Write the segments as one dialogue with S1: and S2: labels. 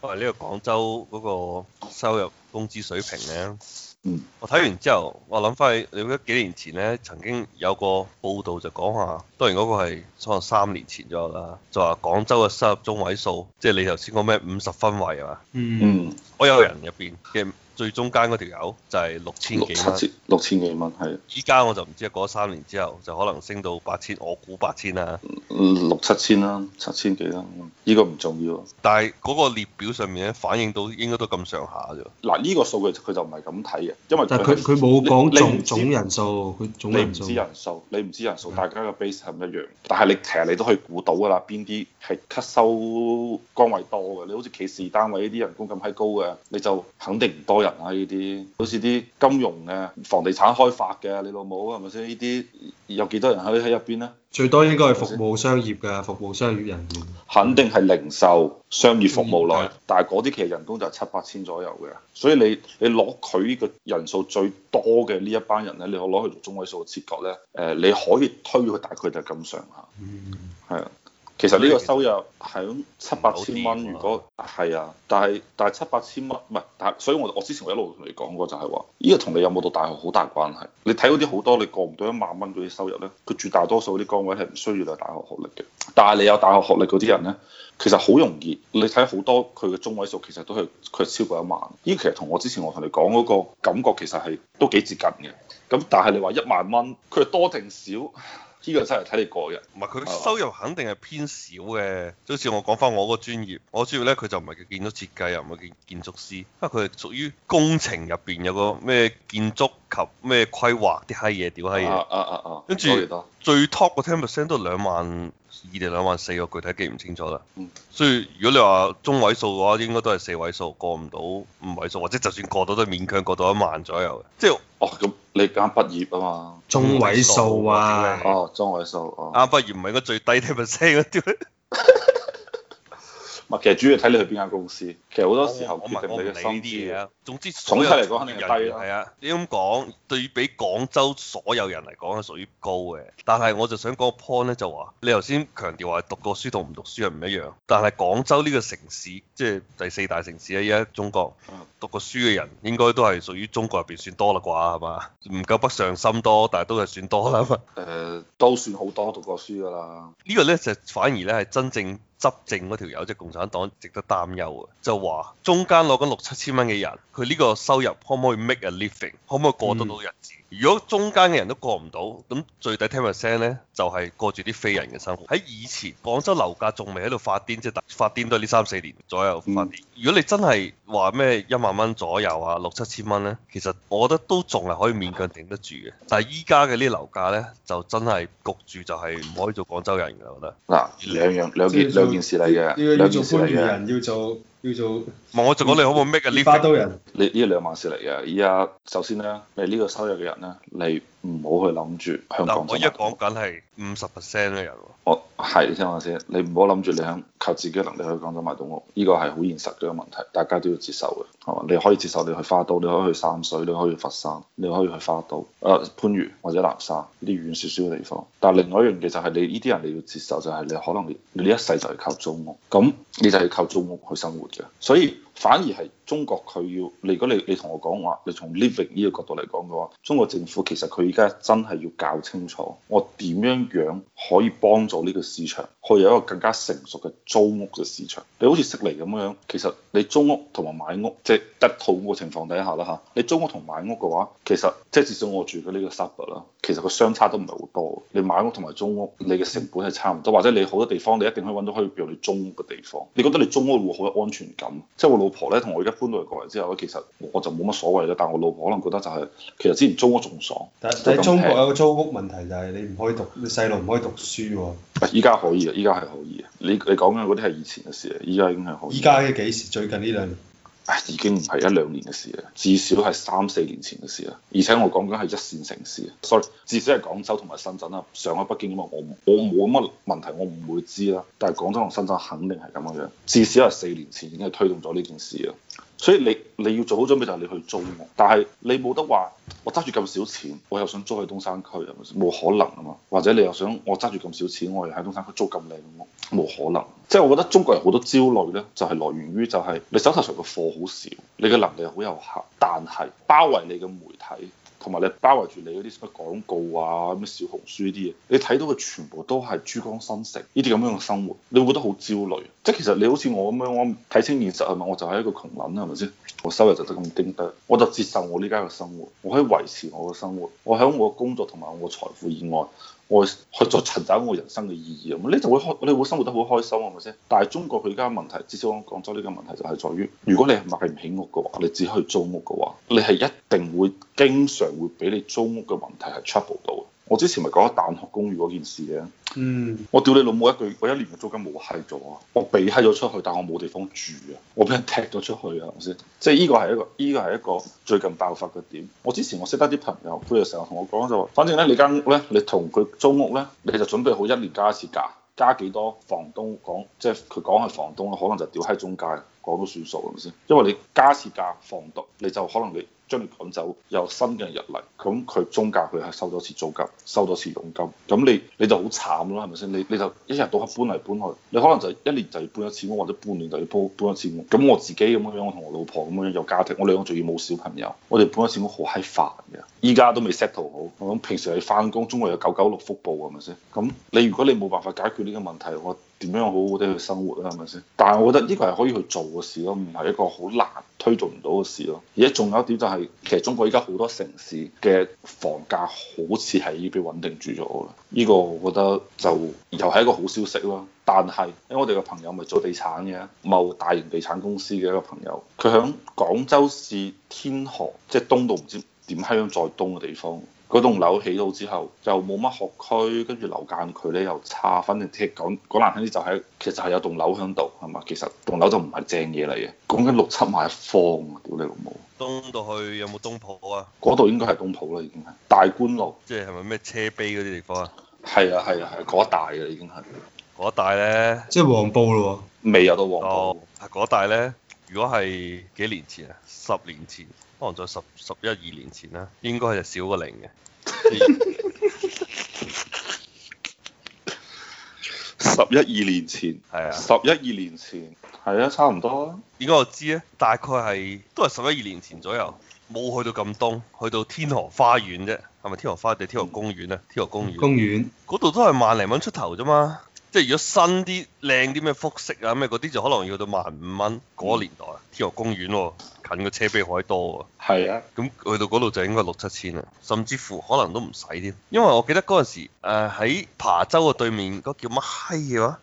S1: 嗰個呢個廣州嗰個收入工資水平呢，我睇完之後，我諗翻去，你記得幾年前呢曾經有個報道就講話，當然嗰個係可三年前左右啦，就話廣州嘅收入中位數，即係你頭先講咩五十分位啊，嗯、
S2: mm，hmm.
S1: 我有人入邊嘅。最中間嗰條友就係
S2: 六千幾蚊，六千幾蚊係。
S1: 依家我就唔知啊，過三年之後就可能升到八千，我估八千
S2: 啦、嗯，六七千啦，七千幾啦。呢、嗯這個唔重要。
S1: 但係嗰個列表
S2: 上面咧反映到應該都咁上下啫。嗱，呢、這個數據佢就唔係咁睇嘅，因為但係佢佢冇講總總
S1: 人數，佢總你唔知，知人
S2: 數，你唔知人數，的大家嘅 base 係唔一樣。但係你其實你都可以估到㗎啦，邊啲係吸收崗位多嘅？你好似企事單位呢啲人工咁閪高嘅，你就肯定唔多。人啊！呢啲好似啲金融嘅、房地產開發嘅，你老母係咪先？是是呢啲有幾多人喺喺入邊咧？最多應該係服務商業嘅服務商業人員，肯定係零售商業服務內。的但係嗰啲其實人工就係七八千左右嘅，所以你你攞佢呢個人數最多嘅呢一班人咧，你可攞去做中位數嘅切割咧。誒、呃，你可以推佢大概就係咁上下，係啊、嗯。其實呢個收入響七八千蚊、嗯，如果係啊，但係但係七八千蚊，唔係但係，所以我我之前我一路同你講過就係話，呢、這個同你有冇到大學好大關係。你睇嗰啲好多你過唔到一萬蚊嗰啲收入呢，佢絕大多數嗰啲崗位係唔需要嚟大學學歷嘅。但係你有大學學歷嗰啲人呢，其實好容易。你睇好多佢嘅中位數，其實都係佢係超過一萬。依、這個、其實同我之前我同你講嗰個感覺其實係都幾接近嘅。咁但係你話一萬蚊，佢係多定少？呢個真係睇你個人，唔係佢收
S1: 入肯定係偏少嘅。就好似我講翻我個專業，我主要咧佢就唔係叫建築設計，又唔係建建築師，因為佢係屬於工程入邊有個咩建築及咩規劃啲閪嘢屌閪嘢。啊啊啊！跟住最 top 個 ten percent 都兩萬。二定兩萬四個具體記唔清楚啦，嗯、所以如果你話中位數嘅話，應該都係四位數過唔到五位數，或者就算過到都係勉強過到一萬左右嘅。即係哦
S2: 咁，你啱畢業啊嘛，中位數啊，哦中位數，啱畢業唔係應該最低 percent 嗰啲。 其實主要睇你去邊間公司。其實好多時候決定，我唔理你啲嘢。薪資。總之所，所以嚟講肯定係低啦。係啊，你咁
S1: 講，對於比廣州所有人嚟講係屬於高嘅。但係我就想講個 point 咧，就話你頭先強調話讀過書同唔讀書係唔一樣。但係廣州呢個城市，即係第四大城市咧，依家中國讀過書嘅人應該都係屬於中國入邊算多啦啩，係嘛？唔夠北上深多，但係都係算多啦。誒、嗯呃，
S2: 都算好多讀過書㗎啦。個
S1: 呢個咧就反而咧係真正。執政嗰條友即共產黨，值得擔憂啊！就話中間攞緊六七千蚊嘅人，佢呢個收入可唔可以 make a living？可唔可以過得到日子？嗯如果中間嘅人都過唔到，咁最低聽日聲咧，就係、是、過住啲非人嘅生活。喺以前廣州樓價仲未喺度發癲，即係發癲都係呢三四年左右發癲。嗯、如果你真係話咩一萬蚊左右啊，六七千蚊咧，其實我覺得都仲係可以勉強頂得住嘅。但係依家嘅啲樓價咧，就真係焗住就係唔可以做廣州人嘅，我覺得。
S2: 嗱，兩樣兩件兩件事嚟嘅，兩件事嚟嘅。叫
S1: 做，唔我仲講你好冇咩以 m
S2: 你呢兩碼事嚟嘅。而家首先咧，你呢個收入嘅人咧，你唔好去諗住香港。我依家講緊係。五十 percent 嘅人，我係聽我先下，你唔好諗住你喺靠自己能力去廣州買到屋，呢個係好現實嘅一個問題，大家都要接受嘅，係嘛？你可以接受你去花都，你可以去三水，你可以去佛山，你可以去花都，誒、呃、番禺或者南沙呢啲遠少少嘅地方。但係另外一樣嘢就係你呢啲人你要接受就係你可能你，你一世就係靠租屋，咁你就係靠租屋去生活嘅，所以。反而係中國佢要，你如果你你同我講話，你從 living 呢個角度嚟講嘅話，中國政府其實佢而家真係要搞清楚，我點樣樣可以幫助呢個市場去有一個更加成熟嘅租屋嘅市場。你好似悉尼咁樣，其實你租屋同埋買屋，即係得套咁嘅情況底下啦嚇，你租屋同買屋嘅話，其實即係至少我住嘅呢個 sub 啦。其實佢相差都唔係好多，你買屋同埋租屋，你嘅成本係差唔多，或者你好多地方你一定可以揾到可以譬如你租屋嘅地方。你覺得你租屋會好有安全感？即係我老婆咧，同我而家搬到嚟過嚟之後咧，其實我就冇乜所謂啦。但我老婆可能覺得就係其實之前租屋仲爽。但係喺中國有個
S1: 租屋問題就係你唔可以讀你細路唔可以讀書喎。
S2: 依家可以啊！依家係可以啊！你你講緊嗰啲係以前嘅事啊！依家已經係可以。依家幾時？最近呢兩年。唉、哎，已經唔係一兩年嘅事啦，至少係三四年前嘅事啦。而且我講緊係一線城市啊，sorry，至少係廣州同埋深圳啦。上海北京咁啊，我我冇乜問題，我唔會知啦。但係廣州同深圳肯定係咁樣樣，至少係四年前已經係推動咗呢件事啦。所以你你要做好準備，就係你去租，但係你冇得話，我揸住咁少錢，我又想租去東山區，冇可能啊嘛。或者你又想我揸住咁少錢，我又喺東山區租咁靚嘅屋，冇可能。即係我覺得中國人好多焦慮呢，就係來源於就係你手頭上嘅貨好少，你嘅能力好有限，但係包圍你嘅媒體。同埋你包圍住你嗰啲乜廣告啊、乜小紅書啲嘢，你睇到嘅全部都係珠江新城呢啲咁樣嘅生活，你會覺得好焦慮。即係其實你好似我咁樣，我睇清現實係咪？我就係一個窮撚啦，係咪先？我收入就得咁丁得，我就接受我呢家嘅生活，我可以維持我嘅生活。我喺我嘅工作同埋我嘅財富以外。我去再尋找我人生嘅意義啊！你就會開，你會生活得好開心啊！係咪先？但係中國佢而家問題，至少講廣州呢個問題就係在於，如果你係買唔起屋嘅話，你只可以租屋嘅話，你係一定會經常會俾你租屋嘅問題係 trouble 到。我之前咪講咗蛋殼公寓嗰件事嘅，嗯、我屌你老母一句，我一年嘅租金冇閪咗，我俾閪咗出去，但我冇地方住啊，我俾人踢咗出去啊，係咪先？即係呢個係一個，呢個係一個最近爆發嘅點。我之前我識得啲朋友，佢哋成日同我講就話，反正咧你間屋咧，你同佢租屋咧，你就準備好一年加一次價，加幾多？房東講，即係佢講係房東啦，可能就屌喺中介，講都算數，係咪先？因為你加一次價，房東你就可能你。將你趕走，有新嘅人入嚟，咁佢中介佢係收多次租金，收多次佣金，咁你你就好慘咯，係咪先？你你就一日到黑搬嚟搬去，你可能就一年就要搬一次屋，或者半年就要搬搬一次屋。咁我自己咁樣，我同我老婆咁樣有家庭，我兩個仲要冇小朋友，我哋搬一次屋好閪煩嘅。依家都未 settle 好，咁平時你翻工，中國有九九六福報，係咪先？咁你如果你冇辦法解決呢個問題，我點樣好好地去生活啊？係咪先？但係我覺得呢個係可以去做嘅事咯，唔係一個好難推動唔到嘅事咯。而家仲有一點就係、是。其實中國依家好多城市嘅房價好似係已經被穩定住咗啦。呢個我覺得就又係一個好消息囉。但係，因為我哋個朋友咪做地產嘅，某大型地產公司嘅一個朋友，佢喺廣州市天河即係東到唔知點香再東嘅地方。嗰棟樓起到之後就冇乜學區，跟住樓間距咧又差，反正即係講講難聽啲就係、是、其實係有棟樓喺度，係嘛？其實棟樓就唔係正嘢嚟嘅，講緊六七萬一方，屌你老母！東到去有冇東圃啊？嗰度應該係東圃啦，已經係大觀路。
S1: 即係係咪咩車陂嗰啲地方啊？係啊係啊係，嗰帶嘅已經係嗰帶咧。即係黃
S2: 埔咯喎。未
S1: 有到黃埔。係嗰帶咧，如果係幾年前啊，十年前。可能在十十一二年前啦，應該係少
S2: 個零嘅。十一二年前係啊， 十一二年前係啊，啊，差唔多啊。點解我
S1: 知咧？大概係都係十一二年前左右，冇去到咁東，去到天河花園啫。係咪天河花地、天河公園啊？天河公園公園嗰度都係萬零蚊出頭啫嘛。即係如果新啲靚啲咩複式啊咩嗰啲，就可能要到萬五蚊嗰年代，天河公園喎、哦，近個車陂海多喎、哦，係啊，咁去到嗰度就應該六七千啦，甚至乎可能都唔使添，因為我記得嗰陣時誒喺琶洲嘅對面嗰、那個、叫乜閪嘢話？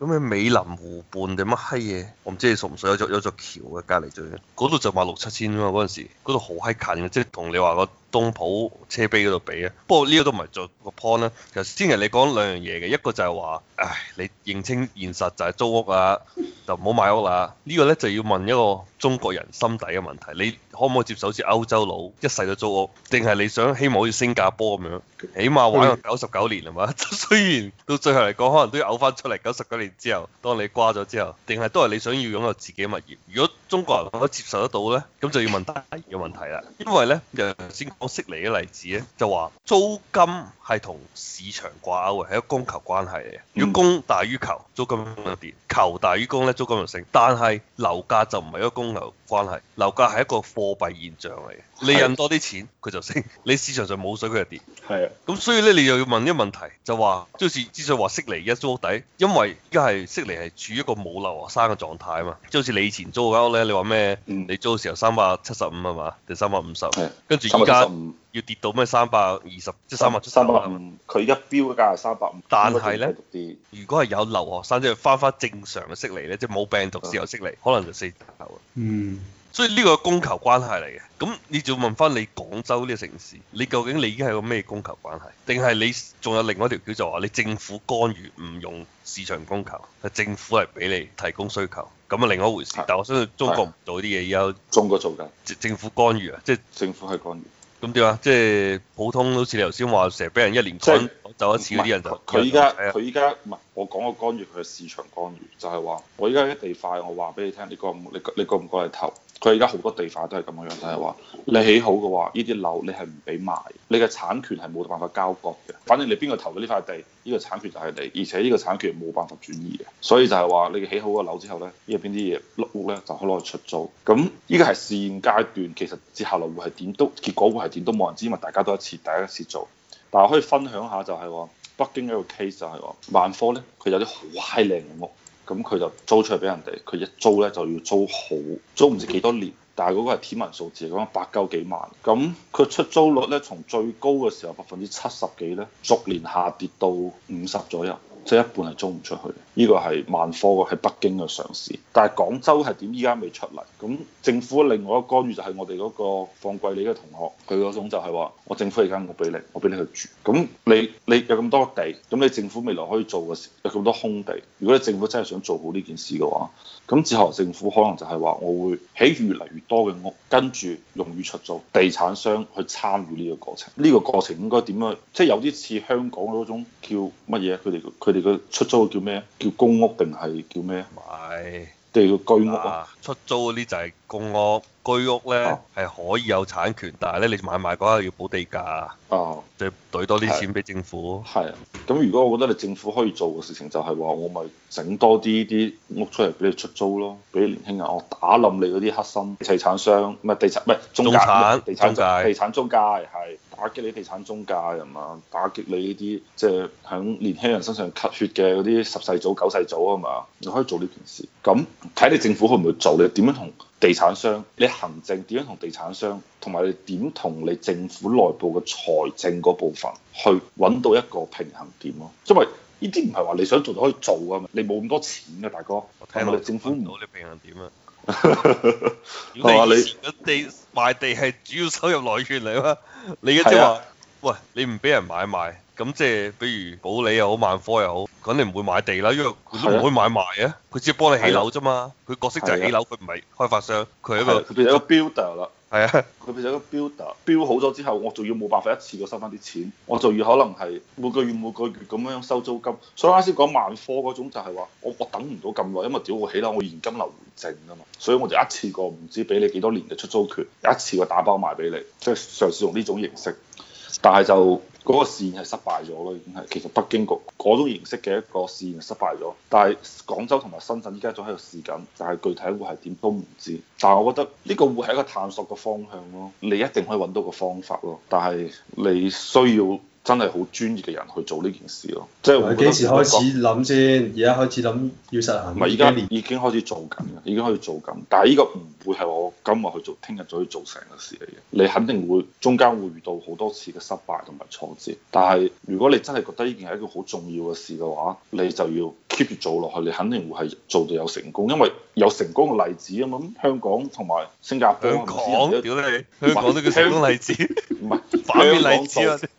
S1: 咁、那、咩、個、美林湖畔定乜閪嘢，我唔知你熟唔熟，有座有座橋嘅隔離最，嗰度就賣六七千啊嘛嗰陣時，嗰度好閪近嘅，即係同你話個。東圃車陂嗰度比啊，不過呢個都唔係做個 point 啦。頭先係你講兩樣嘢嘅，一個就係話，唉，你認清現實就係租屋啊，就唔好買屋啦。這個、呢個咧就要問一個中國人心底嘅問題，你可唔可以接受好似歐洲佬一世都租屋，定係你想希望去新加坡咁樣，起碼玩個九十九年係嘛？雖然到最後嚟講，可能都要嘔翻出嚟。九十九年之後，當你瓜咗之後，定係都係你想要擁有自己嘅物業。如果中國人可接受得到咧，咁就要問大嘅個問題啦。因為咧，人先。我識嚟嘅例子咧，就話租金係同市場掛鈎嘅，係一個供求關係嚟嘅。如果供大於求，租金就跌；求大於供咧，租金就成。但係樓價就唔係一個供求。關係。樓價係一個貨幣現象嚟嘅，你印多啲錢佢就升，你市場上冇水佢就跌。係啊，咁所以咧你又要問一問題，就話即係似之前話悉尼一租屋底，因為而家係悉尼係處於一個冇留學生嘅狀態啊嘛，即係好似你以前租嘅屋咧，你話咩？你租嘅時候三百七十五係嘛？定三百五十？跟住而家。要跌到咩三百二十，即三百出三百五，
S2: 佢一標嘅價係三百五。但係
S1: 咧，如果係有留學生即係翻返正常嘅息嚟咧，即係冇病毒自由息嚟，可能就四頭。嗯，所以呢個供求關係嚟嘅，咁你就要問翻你廣州呢個城市，你究竟你依家係個咩供求關係？定係你仲有另外一條叫做話你政府干預唔用市場供求，政府係俾你提供需求，咁啊另一回事。但我相信中國唔到啲嘢，有中國做緊政府干預啊，即係政府係干預。咁點啊？即係普通，好似你頭先話，成日俾人一年趕走一次嗰啲、就係、人就佢依家佢
S2: 依家唔係我講個干預，佢係市場干預，就係、係、話我依家啲地塊，我話俾你聽，你過唔你你過唔過嚟投？佢而家好多地塊都係咁嘅樣，就係話你起好嘅話，呢啲樓你係唔俾賣，你嘅產權係冇辦法交割嘅。反正你邊個投到呢塊地，呢個產權就係你，而且呢個產權冇辦法轉移嘅。所以就係話你起好個樓之後呢，呢邊啲嘢碌屋咧就可攞去出租。咁依家係試驗階段，其實接下來會係點都，結果會係點都冇人知，因為大家都一次，第一次做。但係可以分享下就係話，北京一個 case 就係話，萬科呢，佢有啲好閪靚嘅屋。咁佢就租出去俾人哋，佢一租咧就要租好，租唔知幾多年，但係嗰個係天文數字，嚟講百鳩幾萬。咁佢出租率咧，從最高嘅時候百分之七十幾咧，逐年下跌到五十左右，即係一半係租唔出去。呢個係萬科喺北京嘅上市，但係廣州係點？依家未出嚟。咁政府另外一個干預就係我哋嗰個放貴利嘅同學，佢嗰種就係話：我政府有間屋俾你，我俾你去住。咁你你有咁多地，咁你政府未來可以做嘅事有咁多空地。如果你政府真係想做好呢件事嘅話，咁之後政府可能就係話：我會起越嚟越多嘅屋跟住用於出租，地產商去參與呢個過程。呢、這個過程應該樣、就是、點啊？即係有啲似香港嗰種叫乜嘢？佢哋佢哋嘅出租叫咩？叫公屋定係叫咩？唔係是，定係叫居屋啊！出
S1: 租嗰啲就係公屋，居屋咧，係、啊、可以有產權，但係咧你買賣嗰下要補地價啊，即係賄多啲錢俾政府。係啊，
S2: 咁如果我覺得你政府可以做嘅事情就，就係話我咪整多啲啲屋出嚟俾你出租咯，俾年輕人我打冧你嗰啲黑心地產商，唔係地產，唔係中介，地產中介，地產中介係。打擊你地產中介啊嘛，打擊你呢啲即係響年輕人身上吸血嘅嗰啲十世祖九世祖啊嘛，你可以做呢件事，咁睇你政府可唔可以做，你點樣同地產商，你行政點樣同地產商，同埋你點同你政府內部嘅財政嗰部分去搵到一個平衡點咯，因為呢啲唔係話你想做就可以做啊嘛，你冇咁多錢啊大哥，我聽我哋政府唔到你平
S1: 衡點啊， 要你 賣地係主要收入來源嚟啊嘛。你嘅即係話，啊、喂，你唔俾人買賣，咁即係，比如保利又好，萬科又好，肯定唔會買地啦，因為佢都唔可以買賣啊，佢只係幫你起樓啫嘛，佢角色就係起樓，佢唔係開
S2: 發商，佢係一個。佢、啊、變 builder 啦。係啊，佢譬如一個 builder，標好咗之後，我仲要冇辦法一次過收翻啲錢，我仲要可能係每個月每個月咁樣收租金。所以啱先講萬科嗰種就係話，我我等唔到咁耐，因為屌我起樓，我現金流回正啊嘛，所以我就一次過唔知俾你幾多年嘅出租權，一次過打包賣俾你，即係嘗試用呢種形式，但係就。嗰個試驗係失敗咗咯，已經係其實北京局嗰種形式嘅一個試驗係失敗咗，但係廣州同埋深圳依家仲喺度試緊，但係具體會係點都唔知。但係我覺得呢個會係一個探索嘅方向咯，你一定可以揾到個方法咯，但係你需要。真係好專業嘅人去做呢件事咯，即係幾時開始
S1: 諗先？而家開始諗
S2: 要實行唔係，而家已經開始做緊，已經開始做緊。但係呢個唔會係我今日去做，聽日就可以做成嘅事嚟嘅。你肯定會中間會遇到好多次嘅失敗同埋挫折，但係如果你真係覺得呢件係一個好重要嘅事嘅話，你就要 keep 住做落去，你肯定會係做到有成功，因為有成功嘅例子啊嘛。香港同埋新加坡唔知，香港你，香港都叫成功例子，唔係 反面例子。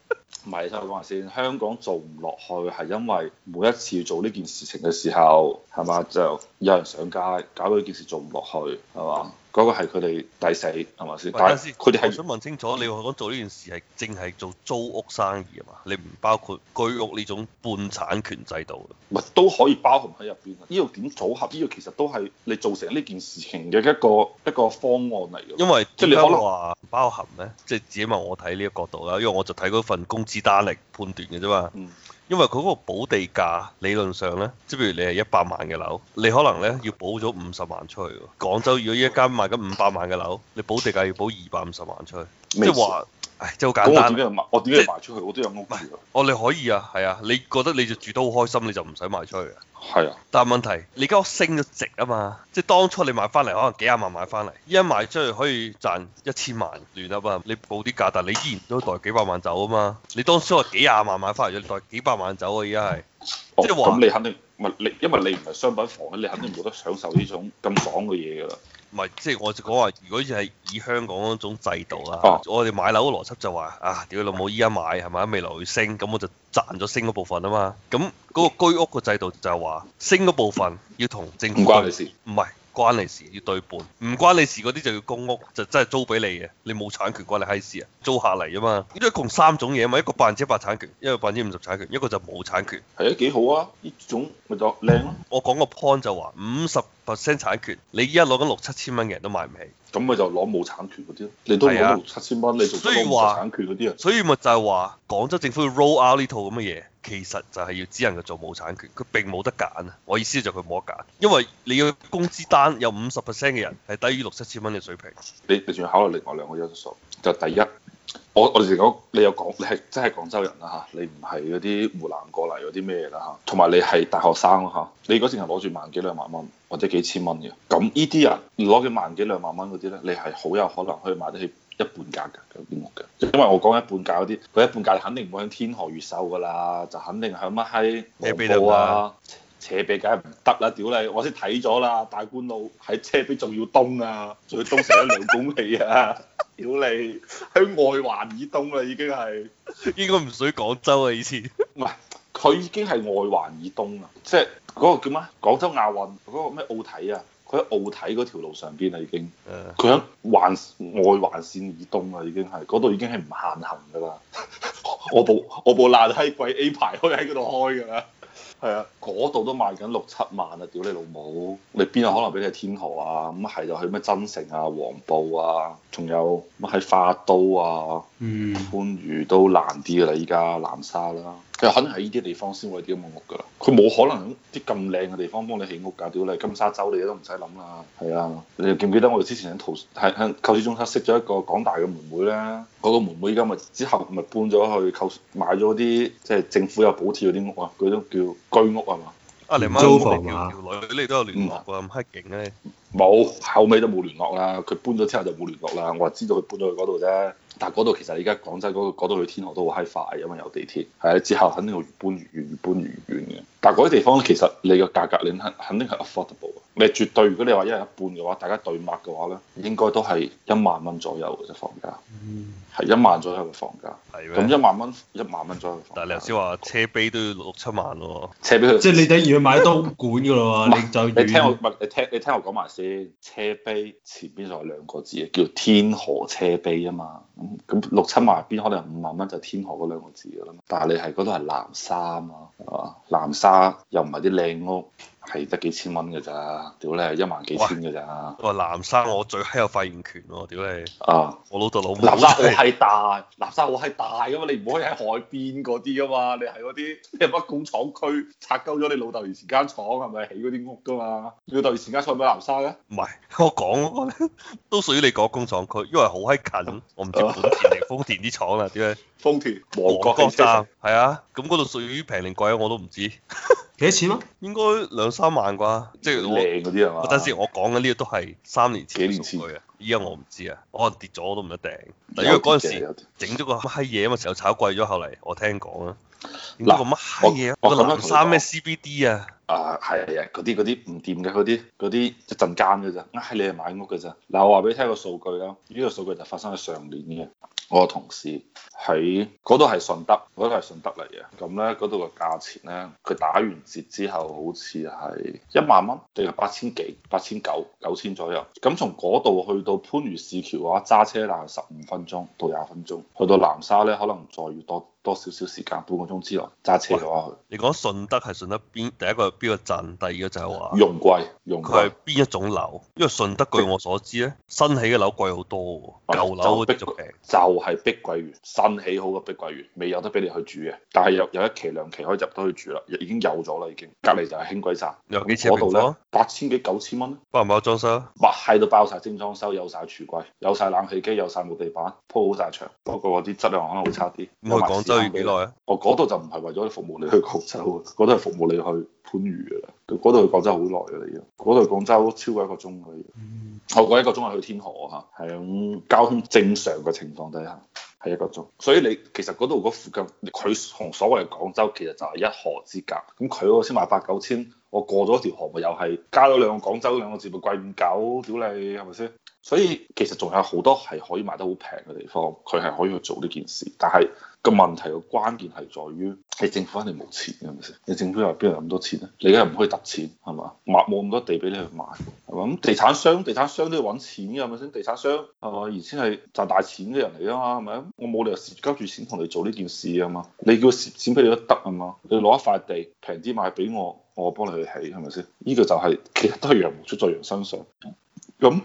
S2: 唔係，你聽我講下先。香港做唔落去係因為每一次做呢件事情嘅時候，係嘛就有人上街，搞到呢件事做唔落去，係嘛？嗰個係佢哋抵死係咪先？是是但係佢哋係，
S1: 想問清楚，你話講做呢件事係淨係做租屋生意吖嘛？你唔包括居屋呢種半產權制度
S2: 都可以包含喺入邊呢度點組合？呢個其實都係你做成呢件事情嘅一個一個方案嚟。因為，為你可能話
S1: 包含咧？即係只係問我睇呢個角度啦，因為我就睇嗰份工資單嚟判斷嘅啫嘛。嗯。因為佢嗰個補地價理論上咧，即係譬如你係一百萬嘅樓，你可能咧要補咗五十萬出去。廣州如果一間賣緊五百萬嘅樓，你補地價要補二百五十萬出去，即係話。唉，即係好簡單。我點解賣？賣
S2: 出去？即係、我都有
S1: 屋住。哦，你可以啊，係啊，你覺得你就住得好開心，你就唔使賣出去啊。係啊。但係問題，你而家升咗值啊嘛？即係當初你買翻嚟可能幾廿萬買翻嚟，依家賣出去可以賺一千萬亂噏嘛。你報啲價，但係你依然都代幾百萬走啊嘛！你當初話幾廿萬買翻嚟，要代幾百萬走啊！而家係。哦、
S2: 即係話、哦、你肯定唔係因為你唔係商品房，你肯定冇得享受呢種咁爽嘅嘢㗎啦。
S1: 唔係，即係我講話，如果係以香港嗰種制度啊，我哋買樓嘅邏輯就話啊，屌你老母依家買係咪未來會升，咁我就賺咗升嗰部分啊嘛。咁嗰個居屋嘅制度就係話，升嗰部分要同政府唔關你事，唔係關你事，要對半。唔關你事嗰啲就要公屋，就真係租俾你嘅，你冇產權關你閪事啊，租下嚟啊嘛。一共三種嘢嘛，一個百分之一百產權，一個百分之五十產權，一個就冇產權。
S2: 係啊，幾好啊，呢
S1: 種咪就靚咯。我講個 point 就話五十 percent 產權，你依家攞緊六七千蚊嘅人都買唔起，
S2: 咁咪就攞冇產權嗰啲咯。你都攞六七千蚊，你做咩冇產權嗰啲
S1: 啊？所以咪就係話，廣州政府要 roll out 呢套咁嘅嘢，其實就係要只能夠做冇產權，佢並冇得揀啊！我意思就係佢冇得揀，因為你要工資單有五十 percent 嘅人係低於六七千蚊嘅水平。
S2: 你你仲要考慮另外兩個因素，就是、第一。我我哋成講你有講，你係真係廣州人啦嚇，你唔係嗰啲湖南過嚟嗰啲咩啦嚇，同埋你係大學生咯嚇，你嗰陣係攞住萬幾兩萬蚊或者幾千蚊嘅，咁呢啲人攞住萬幾兩萬蚊嗰啲咧，你係好有可能可以買得起一半價嘅嗰屋嘅，因為我講一半價嗰啲，佢一半價肯定唔會喺天河越秀㗎啦，就肯定係乜閪？車陂啊，斜陂梗唔得啦，屌你，我先睇咗啦，大觀路喺車陂仲要東啊，仲要東成一兩公里啊！ 屌你，喺外環以東啦，已經係應該唔屬於廣州啊，以前唔係，佢已經係外環以東啦，即係嗰個叫咩？廣州亞運嗰個咩奧體啊，佢喺奧體嗰條路上邊啦，已經，佢喺環外環線以東啦，已經係嗰度已經係唔限行噶啦，我部我部爛閪鬼 A 牌可以喺嗰度開噶啦。嗰度都賣緊六七萬啊！屌你老母，你邊有可能俾你天河啊？咁係就去咩增城啊、黃埔啊，仲有乜喺花都啊、番禺、嗯、都難啲㗎啦！依家南沙啦。佢肯定喺呢啲地方先會有啲咁嘅屋㗎啦，佢冇可能喺啲咁靚嘅地方幫你起屋㗎。屌你，金沙洲你都唔使諗啦。係啊，你記唔記得我哋之前喺淘係喺購置中心識咗一個廣大嘅妹妹咧？嗰、那個妹妹依家咪之後咪搬咗去購買咗啲即係政府有補貼嗰啲屋啊，嗰種叫居屋啊嘛？阿你媽嗰你哋都有聯絡㗎，咁黑警咧？冇後尾都冇聯絡啦，佢搬咗之後就冇聯絡啦，我係知道佢搬咗去嗰度啫。但嗰度其實而家廣州嗰度去天河都好閪快，因為有地鐵。係啊，之後肯定會越搬越遠，越搬越遠嘅。但係嗰啲地方咧，其實你個價格你肯定係 affordable。你絕對如果你話一人一半嘅話，大家對抹嘅話咧，應該都係一萬蚊左右嘅啫房價。嗯。係一萬左右嘅房價。係咁嗎一萬蚊，一萬蚊左右嘅房價。房但係你頭先話車陂都要六七萬咯，車陂佢即係你等於去買東莞噶啦喎。你就 你聽我你聽你聽我講埋先，車陂前邊就有兩個字，叫天河車陂啊嘛。咁六七萬入邊？可能五萬蚊就天河嗰兩個字噶啦嘛，但係你係嗰度係南沙啊嘛？係嘛？南沙又唔係啲靚屋。係得幾千蚊㗎咋？屌你，一萬幾千㗎咋？哇！南
S1: 沙我最閪有發言權咯，屌你！啊！
S2: 我老豆老母、就係、南沙好閪大，南沙好閪大噶嘛！你唔可以喺海邊嗰啲噶嘛！你係嗰啲咩乜工廠區拆鳩咗你老豆以前間廠，係咪起嗰啲屋噶嘛？你老豆以前間廠喺南沙嘅？唔
S1: 係，我講都屬於你講工廠區，因為好閪近，我唔知本田定豐田啲廠啦，點解？
S2: 豐田，黃閣站，
S1: 係啊，咁嗰度屬於平定貴我都唔知。幾多錢咯？應該兩三萬啩，即係靚嗰啲係嘛？我嗰陣時，我講嘅呢個都係三年前嘅數據啊。依家我唔知啊，可能跌咗都唔一定。嗱，因為嗰陣時整咗個乜閪嘢啊嘛，時候炒貴咗，後嚟我聽講啊。嗰個乜閪嘢我諗個南山咩 CBD
S2: 啊？啊，係啊，嗰啲啲唔掂嘅，嗰啲嗰啲一陣間嘅咋。挨你係買屋嘅咋。嗱，我話俾你聽個數據咯，呢個數據就發生喺上年嘅。我同事喺嗰度係順德，嗰度係順德嚟嘅。咁呢嗰度嘅價錢呢，佢打完折之後好似係一萬蚊，定係八千幾、八千九、九千左右。咁從嗰度去到番禺市橋嘅話，揸車大概十五分鐘到廿分鐘。去到南沙呢，可能再要多，多少少時間，半個鐘之內揸車落
S1: 去。你講順德係順德邊？第一個係邊個鎮？第二個就係話容桂。容桂佢係邊一種樓？因為順德據我所知咧，迫新起嘅樓貴好多，舊樓會逼就平。
S2: 就係碧桂園，新起好嘅碧桂園，未有得俾你去住嘅。但係有有一期兩期可以入到去住啦，已經有咗啦，已經。隔離就係輕軌站，有幾錢度方？八千幾九千蚊，包唔包裝修？包，嗨到包晒精裝修，有晒櫥櫃，有晒冷氣機，有晒木地板，鋪好晒牆。不過嗰啲質量可能會差啲，因為廣州。去幾耐啊？哦，嗰度就唔係為咗服務你去廣州，嗰度係服務你去番禺嘅啦。嗰度去廣州好耐啊，已經嗰度去廣州超過一個鐘嘅。嗯、我過一個鐘係去天河啊，嚇！喺交通正常嘅情況底下係一個鐘。所以你其實嗰度附近，佢同所謂廣州其實就係一河之隔。咁佢嗰個先賣八九千，我過咗條河咪又係加咗兩個廣州兩個字，咪貴五九屌你係咪先？所以其實仲有好多係可以賣得好平嘅地方，佢係可以去做呢件事，但係。個問題嘅關鍵係在於是是，你政府肯定冇錢嘅係咪先？你政府又邊度有咁多錢啊？你而家又唔可以揼錢係嘛？買冇咁多地俾你去買係嘛？咁地產商地產商都要揾錢嘅係咪先？地產商係嘛？而先係賺錢、啊、大錢嘅人嚟啊嘛係咪？我冇理由交住錢同你做呢件事啊嘛。你叫蝕錢俾你都得啊嘛。你攞一塊地平啲賣俾我，我幫你去起係咪先？呢、這個就係、是、其實都係羊毛出在羊身上。咁、嗯嗯嗯、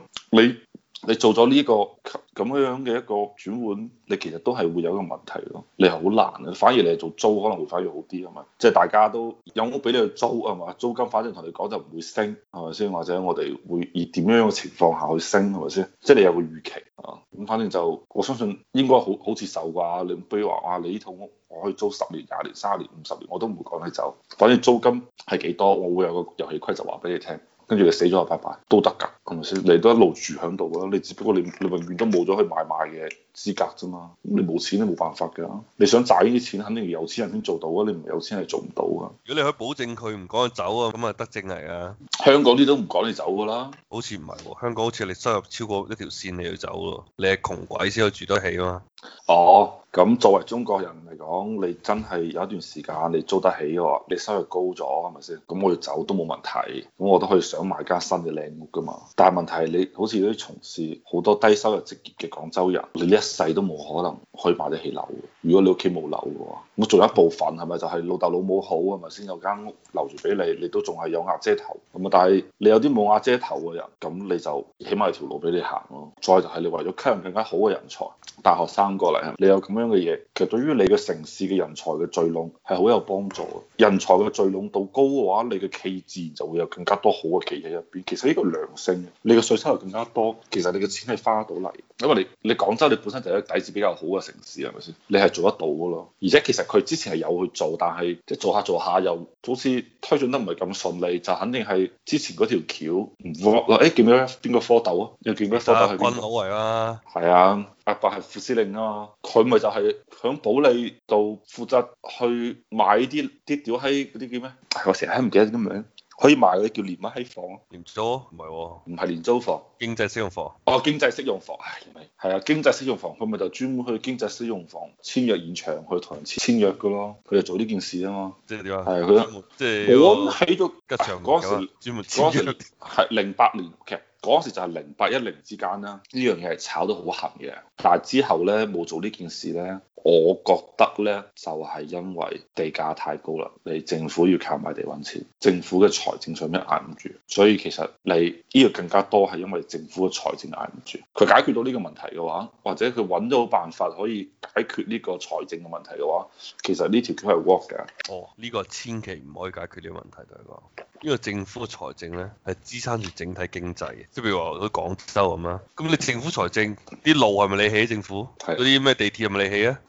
S2: 你。你做咗呢個咁樣嘅一個轉換，你其實都係會有一個問題咯，你好難嘅，反而你做租可能會反而好啲啊嘛，即係大家都有屋俾你去租啊嘛，租金反正同你講就唔會升，係咪先？或者我哋會以點樣嘅情況下去升，係咪先？即係你有個預期啊，咁反正就我相信應該好好接受啩。你比如話哇，你呢套屋我可以租十年、廿年、三十年、五十年，我都唔會趕你走。反正租金係幾多，我會有個遊戲規則話俾你聽。跟住你死咗拜拜，都得噶，咁咪先？你都一路住喺度噶啦，你只不過你你永遠都冇咗去買賣嘅資格啫嘛。咁你冇錢都冇辦法嘅。你想賺呢啲錢，肯定要有錢人先做到啊。你唔係有錢係做唔到噶。
S1: 如果你可以保證佢唔趕，啊啊、趕你走啊，咁啊得正嚟啊。香港啲都唔趕你走噶啦，好似唔係喎。香港好似你收入超過一條線你要走咯、啊，你係窮鬼先可以住得起啊嘛。
S2: 哦，咁作為中國人嚟講，你真係有一段時間你租得起嘅話，你收入高咗，係咪先？咁我要走都冇問題，咁我都可以想。想買家新嘅靚屋㗎嘛？但係問題係你，好似啲從事好多低收入職業嘅廣州人，你一世都冇可能可以買得起樓。如果你屋企冇樓嘅話，咁仲有一部分係咪就係老豆老母好，係咪先有間屋留住俾你？你都仲係有瓦遮頭咁啊！但係你有啲冇瓦遮頭嘅人，咁你就起碼係條路俾你行咯、啊。再就係你為咗吸引更加好嘅人才，大學生過嚟，你有咁樣嘅嘢，其實對於你嘅城市嘅人才嘅聚攏係好有幫助。人才嘅聚攏度高嘅話，你嘅企自然就會有更加多好嘅。期入邊，其實呢個良性，你個稅收又更加多，其實你個錢係花到嚟，因為你你廣州你本身就係一個底子比較好嘅城市，係咪先？你係做得到噶咯，而且其實佢之前係有去做，但係即係做下做下又好似推進得唔係咁順利，就肯定係之前嗰條橋唔落落。誒，見到咧，邊個科豆，個豆個啊？又見到科豆係邊？阿君好嚟啦，係啊，阿伯係副司令啊嘛，佢咪就係響保利度負責去買啲啲屌閪嗰啲叫咩？我成日唔記得啲名。可以賣嗰啲叫廉物閘房，廉租唔係喎，唔係廉租房，經濟適用房。哦，經濟適用房，係咪？係啊，經濟適用房，佢咪就專門去經濟適用房簽約現場去同人簽約嘅咯，佢就做呢件事啊嘛。即係點啊？係佢，即係我喺度嗰時，專門簽約，嗰時係零八年，其實嗰時就係零八一零之間啦。呢樣嘢係炒得好行嘅，但係之後咧冇做呢件事咧。我覺得咧，就係、是、因為地價太高啦，你政府要靠賣地揾錢，政府嘅財政上面捱唔住，所以其實你呢個更加多係因為政府嘅財政捱唔住。佢解決到呢個問題嘅話，或者佢揾到辦法可以解決呢個財政嘅問題嘅話，其實呢條橋係 work 㗎。哦，呢、這個千祈唔可以解決呢個問
S1: 題，大哥。因為政府嘅財政呢，係支撐住整體經濟，即係譬如話我啲廣州咁啦，咁你政府財政啲路係咪你起？政府？係。嗰啲咩地鐵係咪你起啊？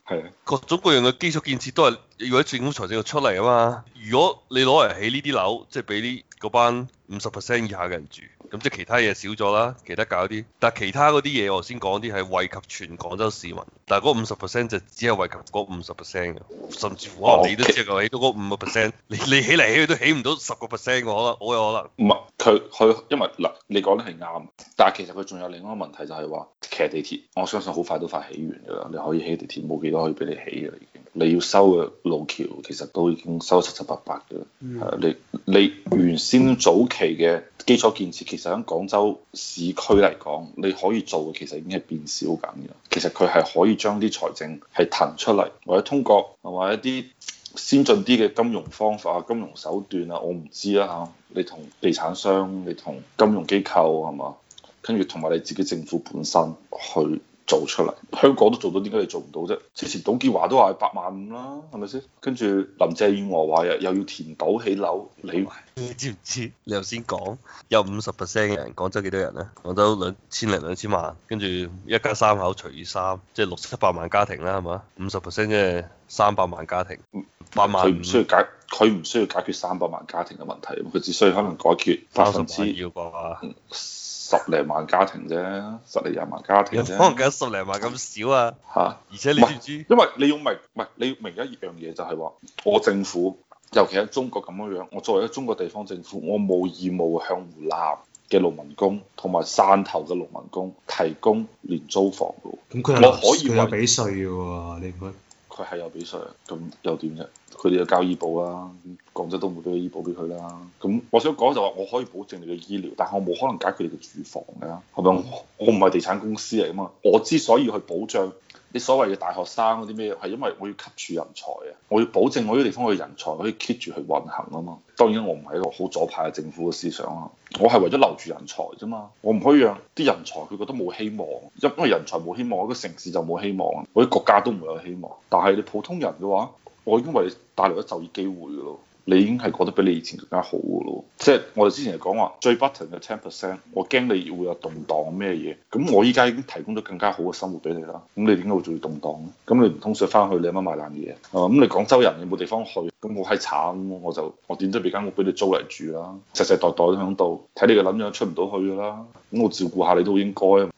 S1: 各種各樣嘅技術建設都如果政府財政要出嚟啊嘛，如果你攞嚟起呢啲樓，即係俾呢嗰班五十 percent 以下嘅人住，咁即係其他嘢少咗啦，其他搞啲，但係其他嗰啲嘢我先講啲係惠及全廣州市民，但係嗰五十 percent 就只係惠及嗰五十 percent 嘅，甚至乎我你都只夠起到嗰五個 percent，你你起嚟起去都起唔到十個 percent 嘅可能，好有可能。
S2: 唔係，佢佢因為嗱，你講得係啱，但係其實佢仲有另一個問題就係話，起地鐵，我相信好快都快起完㗎喇，你可以起地鐵冇幾多可以俾你起㗎，已經，你要收嘅。路橋其實都已經收七七八八嘅啦，你你原先早期嘅基礎建設，其實喺廣州市區嚟講，你可以做嘅其實已經係變少緊嘅。其實佢係可以將啲財政係騰出嚟，或者通過或者一啲先進啲嘅金融方法、金融手段啊，我唔知啦嚇。你同地產商、你同金融機構係嘛，跟住同埋你自己政府本身去。做出嚟，香港都做到，點解你做唔到啫？之前董建華都話係八萬五啦，係咪先？跟住林鄭月娥話又要填島起樓，你，
S1: 你知唔知？你頭先講有五十 percent 嘅人，廣州幾多人咧？廣州兩千零兩千萬，跟住一家三口除以三，即係六七百萬家庭啦，係嘛？五十
S2: percent 即係三百萬家庭，八萬五，佢唔、嗯、佢唔需要解，佢唔需要解決三百萬家庭嘅問題，佢只需要可能解決百分之三十要啩。嗯十零萬家庭啫，十零廿萬家庭可能唔
S1: 記得十零萬咁少啊。嚇哈！而且你知唔知是？因
S2: 為你要明，唔係你要明一樣嘢，就係話我政府，尤其喺中國咁樣樣，我作為一中國地方政府，我冇義務向湖南嘅農民工同埋汕頭嘅農民工提供廉租房㗎喎。咁佢又，佢又俾稅㗎喎，你唔可以。佢係有俾稅，咁又點啫？佢哋有交醫保啦，廣州都唔會俾個醫保俾佢啦。咁我想講就話，我可以保證你嘅醫療，但係我冇可能解決你嘅住房嘅，係咪？我唔係地產公司嚟噶嘛，我之所以去保障。你所謂嘅大學生嗰啲咩，係因為我要吸住人才啊，我要保證我呢啲地方嘅人才可以 keep 住去運行啊嘛。當然我唔係一個好左派嘅政府嘅思想啊，我係為咗留住人才啫嘛。我唔可以讓啲人才佢覺得冇希望，因因為人才冇希望，一個城市就冇希望，我啲國家都唔會有希望。但係你普通人嘅話，我已經為你帶來咗就業機會噶咯。你已經係覺得比你以前更加好㗎咯，即係我哋之前係講話最 bottom 嘅 ten percent，我驚你會有動盪咩嘢，咁我依家已經提供咗更加好嘅生活俾你啦，咁你點解會做動盪咧？咁你唔通上翻去你阿媽買爛嘢啊？咁你廣州人你冇地方去，咁我係慘，我就我點都俾間屋俾你租嚟住啦，世世代代都喺度，睇你嘅諗樣出唔到去㗎啦，咁我照顧下你都應該。